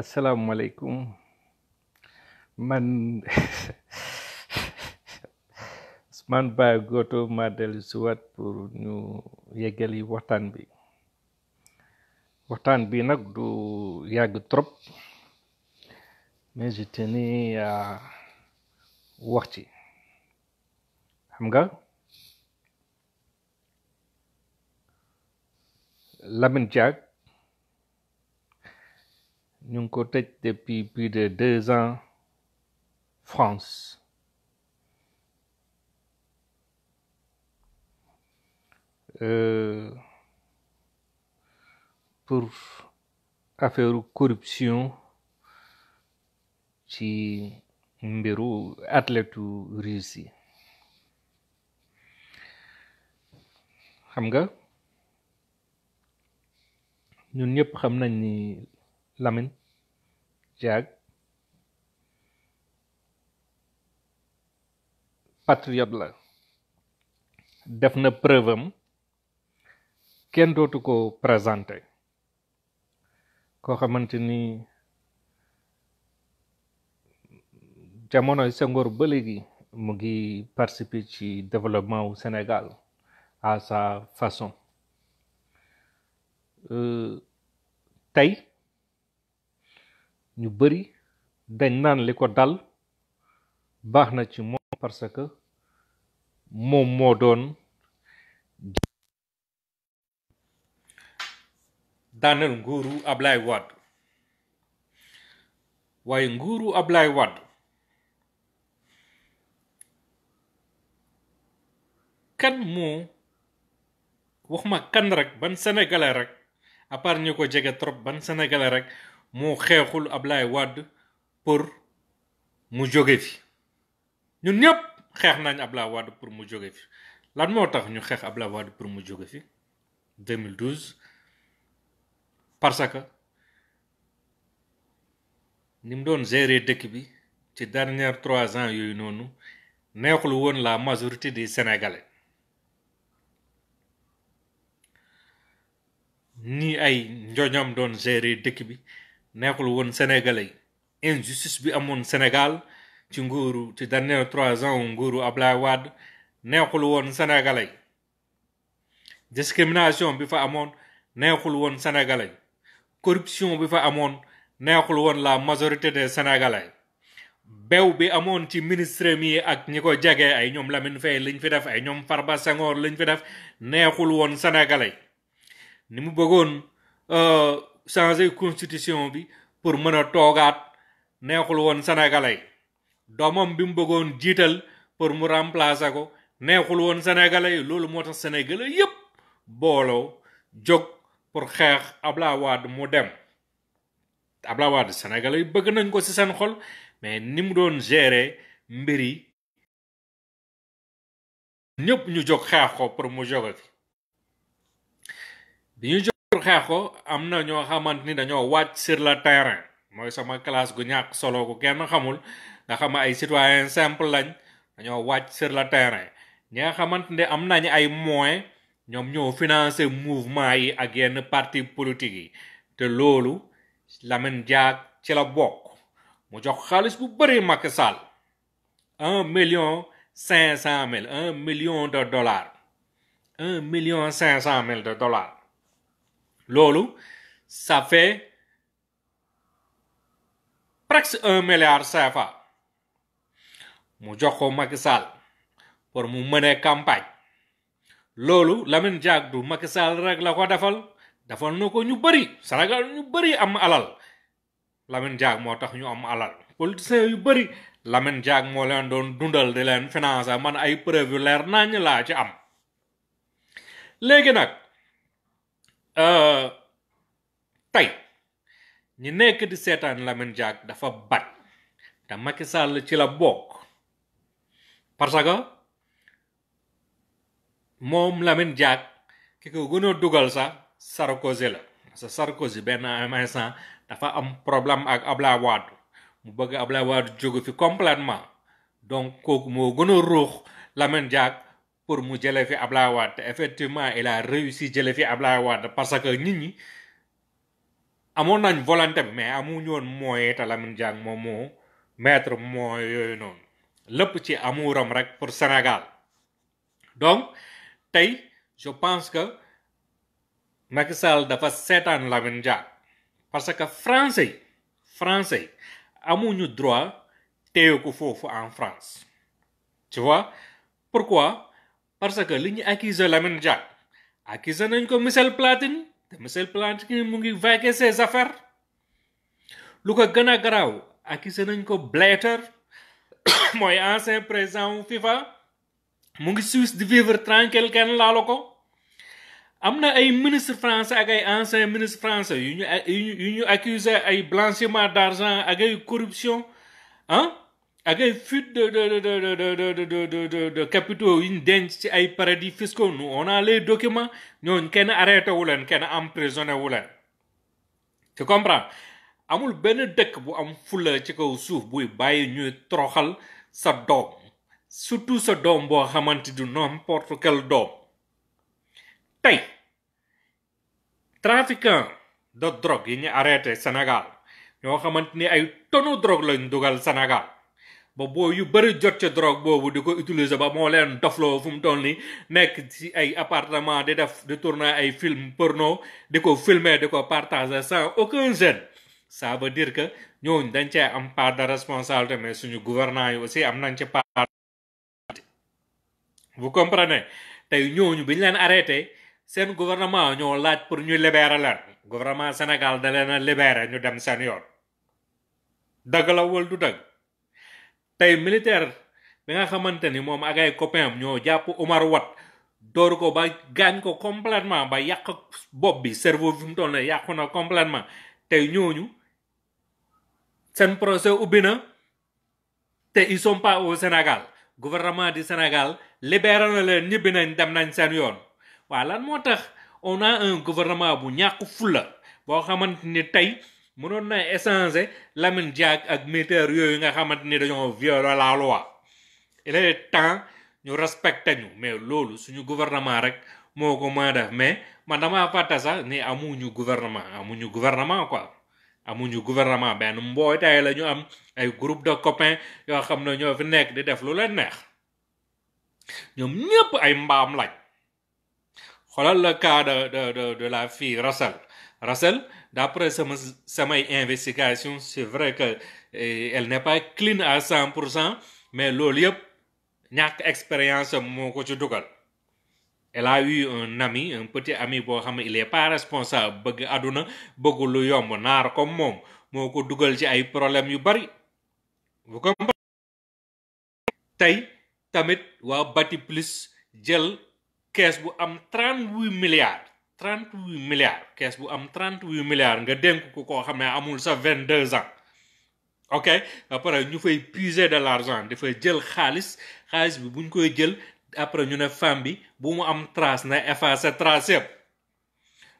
asalaamaaleykum man Ousmane Ba Goto maa dellu si waat pour ñu yeggali waxtaan bi waxtaan bi nag du yàgg trop mais je tenais à wax ci xam nga Lamine ñu ngi ko tëj depuis plus de deux ans France euh, pour affaire corruption ci mbiru atletu Russie xam nga ñun ñëpp xam nañ ni Lamin, Jag, patriote la def na preuve am kenn dootu ko présenté koo xamante ni jamonoy Senghor ba léegi mu ngi participer ci développement wu Sénégal à sa façon tey ñu bari dañ naan li ko dal baax na ci moom parce que moom moo doon daaneel nguuru Ablaye Wade waaye nguuru Ablaye Wade kan moo wax ma kan rek ban sénégalais rek à part ko jege trop ban sénégalais rek moo xeexul Ablaye Wade pour mu jóge fi ñun ñëpp xeex nañ Ablaye Wade pour mu jóge fi lan moo tax ñu xeex Ablaye Wade pour mu jóge fi 2012 parce que ni mu doon gérer dëkk bi ci dernière trois ans yooyu noonu neexul woon la majorité des sénégalais ni ay njooñam doon gérer dëkk bi neexul woon sénégalais yi injustice bi amoon Sénégal ci nguuru ci dernier trois ans nguuru Ablaye Wade neexul woon sénégalais discrimination bi fa amoon neexul woon sénégalais corruption bi fa amoon neexul woon la majorité de sénégalais bew bi amoon ci ministre mi ak ñi ko jege ay ñoom Lamine Faye liñ fi def ay ñoom Farba Senghor liñ fi def neexul woon sénégalais ni mu bëggoon euh, changer constitution bi pour mën a toogaat neexul woon sénégalais doomam bi mu bëggoon jiital pour mu remplacer ko neexul woon sénégalais loolu moo tax sénégalais yépp booloo jóg pour xeex Abdoulaye Wade mu dem Abdoulaye Wade sénégalais yi bëgg nañ ko ci seen xol mais ni mu doon gérer mbir yi ñëpp ñu jóg xeex ko pour mu jóge bi ñu pour xeex ko am na ñoo xamante ni dañoo wàcc sur le terrain mooy sama classe gu ñàkk solo gu kenn xamul nga xam ay citoyen simple lañ dañoo wàcc sur le terrain ñi nga xamante ni am nañ ay moyens ñoom ñëw financer mouvement yi ak yenn partie politique yi te loolu Lamine Diack ci la bokk mu jox xaalis bu bëri Macky Sall un million cinq cent mille un million de dollars un million cinq cent mille de dollars loolu ça fait presque un milliard CFA mu jox ko Macky Sall pour mu mëne campagne loolu Lamine jaag du Macky Sall rek la ko defal defal na ko ñu bari Sénégal ñu bari am alal Lamine Diack moo tax ñu am alal politiciens yu bari Lamine jaag moo leen doon dundal di leen financer man ay preuve leer nañ laa ci am léegi nag tey ñu nekk di seetaan Lamine Diack dafa bat te Macky Sall ci la bokk parce que moom Lamine Diack ki ko gën a dugal sax Sarkozy la parce que Sarkozy benn instant dafa am problème ak Ablaye Wade mu bëgg Ablaye Wade jóge fi complètement donc kooku moo gën ruux Lamine Diack pour mu jële fi Ablaye Wade effectivement il a réussi jële fi Ablaye Wade parce que nit ñi amoon nañ volonté mais amuñu woon moyen te Lamine Diack moom mooy yooyu noonu lépp ci amuuram rek pour Sénégal donc tey je pense que Macky Sall dafa seetaan Lamine Diack parce que français français amuñu droit téye ko foofu en France tu vois pourquoi parce que li ñu accuser Lamine Diack accuser nañ ko Michel Platini te Michel Platini mu ngi vaquer ses affaires lu ko gën a garaaw accuser nañ ko Blatter mooy ancien président wu FIFA mu ngi Suisse di vivre tranquille kenn laalu ko am na ay ministre français ak ay ancien ministre français yu ñu yu ñu accusé ay blanchiment d'argent ak ay corruption ah ak ay fuite de de de de de de de capitaux yi denc ci ay paradis fiscaux nous on a les documents ñooñu kenn arrêté wu leen kenn emprisonné wu leen tu comprends amul benn dëkk bu am fulla ci kaw suuf buy bàyyi ñuy troxal sa doom surtout sa doom boo xamante du n'importe quel doom tey trafiquant de drogue yi ñu arrêté Sénégal ñoo xamante ni ay tonu drogue lañ dugal Sénégal ba boo yu bëri jot ca drogue boobu di ko utiliser ba moo leen dofloo fu mu toll nii nekk ci ay appartement di def di tourner ay film no di ko filmer di ko partage sans aucun gêne ça veut que ñooñu dañ cee am pas de responsabilité mais suñu gouvernants yi aussi am nañ ci part bu comprenez tey ñooñu bi ñu leen arrêté seen gouvernement ñoo laaj pour ñu libérer leen gouvernement Sénégal da leen ñu dem seen yoon dëgg du dëgg tey militaire bi nga xamante ni moom ak ay copain am ñoo jàpp Omar Watt dooru ko ba gaañ ko complètement ba yàq bopp bi cerveau bi mu toll ne yàqu na complètement tey ñooñu seen procès ubbi na te ils sont pas Sénégal gouvernement di Sénégal libéré na leen ñibbi nañ dem nañ seen yoon waa lan moo tax on a un gouvernement bu ñàkk fulla boo xamante ni tey mënoon na échanger Lamine Diack ak militaire yooyu nga xamante ni dañoo violer la il est temps ñu respecté ñu mais loolu suñu gouvernement rek moo ko mën a def mais man damaa fàtte sax ni amuñu gouvernement amuñu gouvernement quoi amuñu gouvernement benn mbootaay la am ay groupe de copains yoo xam ne ñoo fi nekk di def lu leen neex ñoom ñépp ay mbaam lañ xoolal le cas de de de la fi Rassel Rassel d'après samay investigation c'est vrai que elle n'est pas clean à cent pour cent mais loolu yëpp ñàkk expérience moo ko ci dugal elle a eu un ami un petit ami boo xam ne il est pas responsable bëgg àdduna bëgg lu yomb naar comme moom moo ko dugal ci ay problème yu bari vous comprenez tey tamit waa Batiplus jël kees bu am trente 38 milliards trente huit milliards kees bu am trent huit milliards nga dénk ko koo xam ne amul sa vingt deux ans ok après ñu fay puiser de l'argent dafay jël xaalis xaalis bi bu koy jël après ñu ne femme bi bu mu am trace na effacer trace yëpp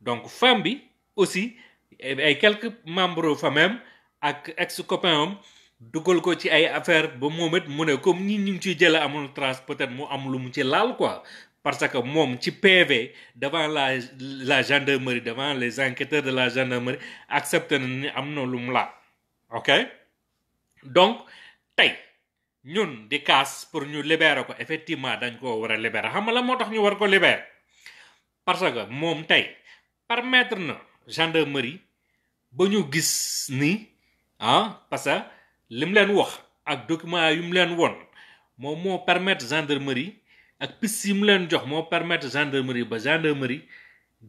donc femme bi aussi ay quelques membres famem ak ex copain am dugal ko ci ay affaire ba moom it mu ne comme ñi ñu ngi ciy jële amul trace peut-être mu am lu mu ci laal quoi parce que moom ci PV devant la la gendarmerie devant les enquêteurs de la gendarmerie accepté na ni am na lu mu laa ok donc tey ñun di kaas pour ñu libérer ko effectivement dañ koo war a libérer xam nga moo tax ñu war ko libérer parce que moom tey permettre na gendarmerie ba ñu gis ni ah parce que li mu leen wax ak document yu mu leen won moom moo permettre gendarmerie ak piste mu leen jox moo permettre gendarmerie ba gendarmerie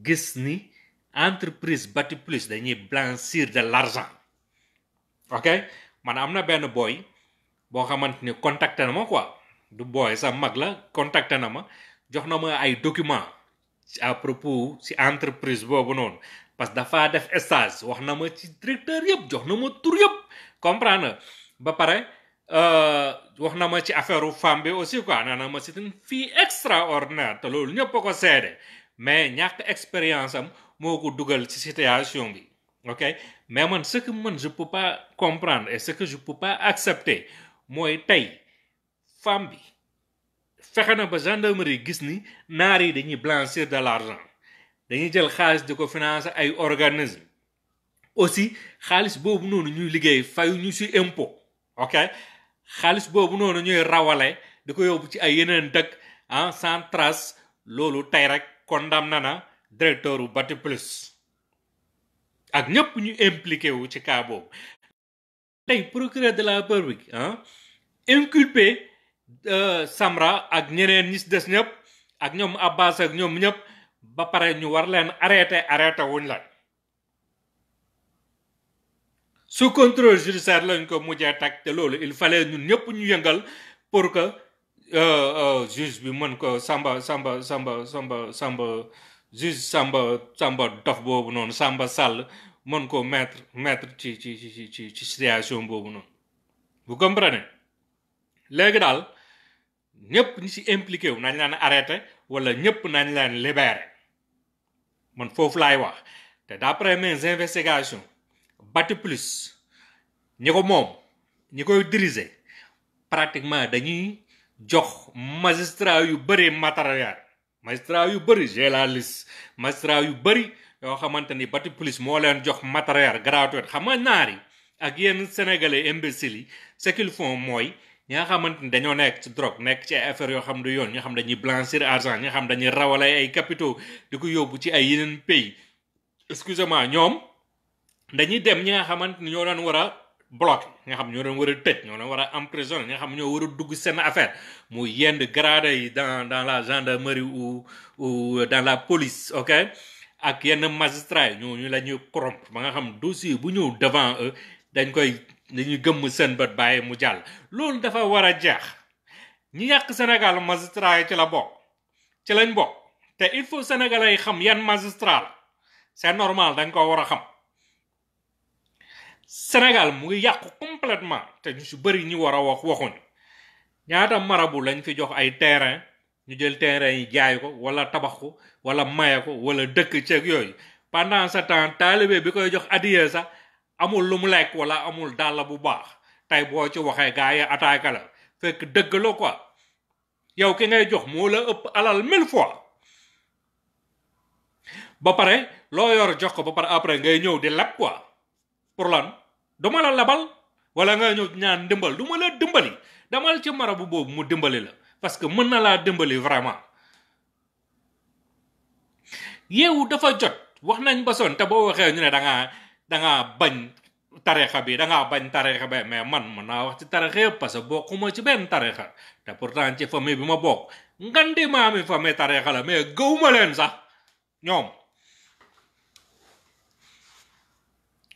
gis ni entreprise Bati Plus dañuy blanchir de l'argent ok man am na benn booy boo xamante ni contacté na ma quoi du booy sa mag la contacté na ma jox na ma ay document ci à propos ci entreprise boobu noonu parce que dafaa def stage wax na ma ci directeur yëpp jox na ma tur yëpp comprendre ba pare Euh, wax na ma ci affaire wu femme bi aussi quoi nee na ma c'est une fille extraordinaire te loolu ñëpp a ko seede mais ñàkk expérience am moo ko dugal ci situation bi ok mais man ce que man je peux pas comprendre et ce que je peux pas accepter mooy tey femme bi fexe na ba gendarmerie gis ni naar yi dañuy blanchir de l'argent dañuy jël xaalis di ko financer ay organismes aussi xaalis boobu noonu ñuy liggéey fayu ñu ci impôt xaalis boobu noonu ñuy rawale di ko yóbbu ci ay yeneen dëkk en ah, sans loolu tey rek condamné na directeur u Batiplus ak ñépp ñu impliqué wu ci cas boobu tey procureur de la République ah inculpé euh, Samra ak ñeneen ñi des ñëpp ak ñoom Abbas ak ñoom ñëpp ba pare ñu war leen arrêté arrêté wuñ la sous contrôle judiciaire lañ ko mujjee teg te loolu il fallait ñun ñëpp ñu yëngal pour que euh, euh, juge bi mën ko samba samba samba samba samba juge samba samba dof boobu noonu samba sàll mën ko mettre mettre ci ci ci ci ci situation boobu noonu bu comprenez léegi daal ñëpp ñi ci impliqué wu nañ leen arrêté wala ñëpp nañ leen libéré man foofu lay wax te d'après mes investigations Bati Plus ñi ko moom ñi koy diriger pratiquement dañuy jox magistrat yu bëri matériel magistrat yu bëri j'ai la liste magistrat yu bëri yoo xamante ni Bati Plus moo leen jox matériel gratuit xam nga naar yi ak yenn sénégalais imbéciles yi ce qu'ils mooy ñi nga xamante ni dañoo nekk ci drogue nekk ci ay affaires yoo xam du yoon ñi nga xam dañuy blanchir argent ñi nga xam dañuy rawale ay capitaux di ko yóbbu ci ay yeneen pays excusez ñoom dañuy dem ñi nga xamante ni ñoo doon war a bloqué nga xam ñoo doon war a tëj ñoo doon war a emprisonné ñi nga xam ñoo war a dugg seen affaire mu yenn grade yi dans dans la gendarmerie ou ou dans la police ok ak yenn magistrat yi ñooñu la ñuy corrompre ba nga xam dossier bu ñëw devant eux dañ koy dañuy gëmm seen bat bàyyi mu jàll loolu dafa war a jeex ñi yàq Sénégal magistrat ci la bokk ci lañ bokk te il faut sénégalais xam yan magistrat c'est normal dañ ko war xam Sénégal mu ngi yàqu complètement te ñu si bëri ñu war a wax waxuñu ñaata marabu lañ fi jox ay terrain ñu jël terrain yi jaay ko wala tabax ko wala maye ko wala dëkk ceeg yooyu pendant sa temps taalibe bi koy jox addiya sax amul lu mu lekk wala amul dàll bu baax tey boo ci waxee gars yi attaque la fekk dëgg la quoi yow ki ngay jox moo la ëpp alal mille fois ba pare loo yor jox ko ba pare après ngay ñëw di leb quoi. pour lan du ma la labal wala nga ñëw ñaan dimbal du ma la dimbali demal ci mara bu boobu mu dimbali la parce que mën na laa dimbali vraiment yeewu dafa jot wax nañ ba son te boo waxee ñu ne dangaa dangaa bañ tarexa bi dangaa bañ tarexa bi mais man mën naa wax ci tarexa yëpp parce que bokkuma ci benn tarexa te pourtant ci famille bi ma bokk ngandi maami famille tarexa la mais gëwuma leen sax ñoom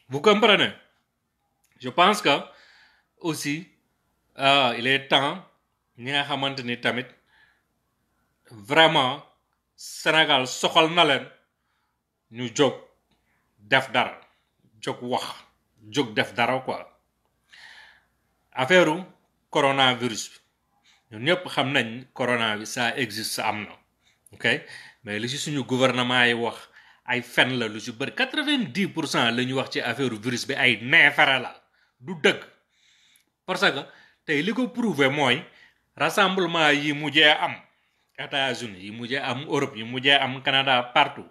Vous comprenez Je pense que aussi, euh, il est temps, ñi nga xamante ni tamit vraiment Sénégal soxal na leen ñu jóg def dara jóg wax jóg def dara quoi affaire coronavirus bi ñun ñëpp xam nañ corona sa ça sa am na ok mais li ci suñu gouvernement yi wax. ay fen la lu ci bëri quatre-vingt-dix pour cent la ñu wax ci affaire virus bi ay neefere la du dëgg parce que tey li ko prouvé mooy rassemblement yi mujjee am États-Unis yi mujjee am Europe yi mujjee am Canada partout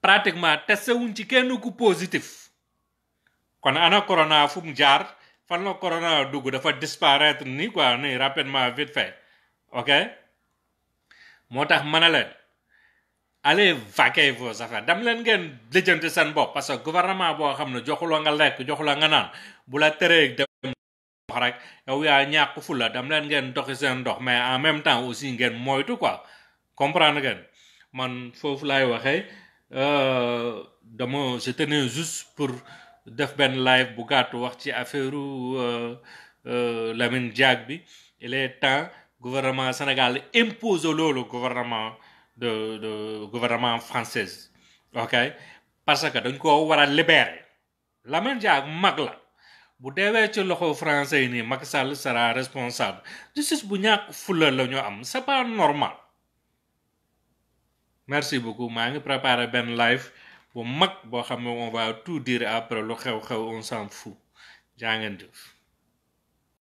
pratiquement testé wuñ ci kenn ku positif kon ana corona fu mu jaar fan la corona dugg dafa disparaître ni quoi ni rapidement vite fait moo tax ma allez vaquer vos affaires dam leen ngeen lijjanti seen bopp parce que gouvernement boo xam ne joxuloo nga lekk joxuloo nga naan bu la teree dem dox rek yaa ñàkk fu la dam leen ngeen doxi seen ndox mais en même temps aussi ngeen moytu quoi comprendre ngeen man foofu lay waxee euh, dama je tenais juste pour def benn live bu gàttu wax ci affaire euh, euh, lamin jaag bi il est temps gouvernement Sénégal impose loolu gouvernement de de française ok parce que dañ koo war a libérer Lamine Diack mag la bu deewee ci loxo français yi nii Macky Sall sera responsable justice bu ñàkk fula la ñu am c'est pas normal merci beaucoup maa ngi préparé benn live bu mag boo xam ne on va tout dire après lu xew-xew on s'en fout jaa ngeen